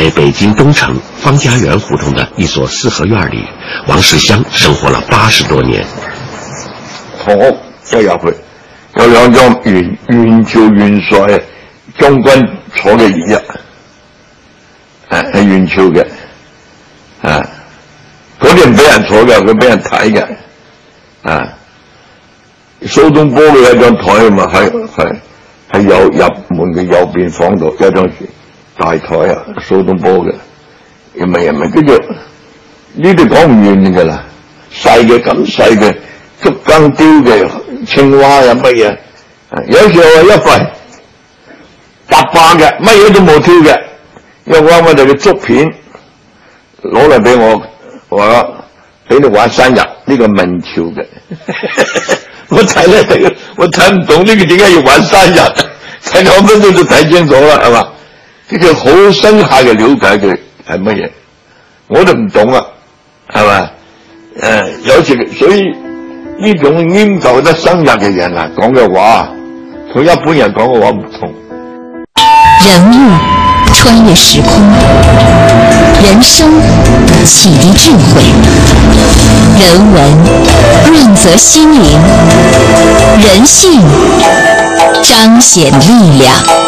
在北京東城方家園胡同的一所四合院裏，王世襄生活了八十多年。好，即入去，有兩張圓元朝元帥將軍坐嘅椅子，啊，係元朝嘅，啊，嗰啲唔俾人坐嘅，佢俾人睇嘅，啊，蘇東坡嘅有張台啊台嘛，喺係喺右入門嘅右邊房度有張。大檯啊，蘇東坡嘅，又咪又咪嗰隻，呢啲講唔完噶啦，細嘅咁細嘅竹竿雕嘅青蛙呀乜嘢，有時候我有一塊，白花嘅乜嘢都冇挑嘅，一為我哋嘅竹片攞嚟俾我，我話俾你玩生日呢、這個明朝嘅， 我睇咧、這個，我睇唔懂呢個點解要玩生日，睇兩分鐘就睇清楚啦，係嘛？呢個好深刻嘅了解嘅係乜嘢？我都唔懂啊，係咪？誒、呃，有時所以呢種研究得深入嘅人啊，講嘅話，同一般人講嘅話唔同。人物穿越時空，人生啟迪智慧，人文潤澤心靈，人性彰顯力量。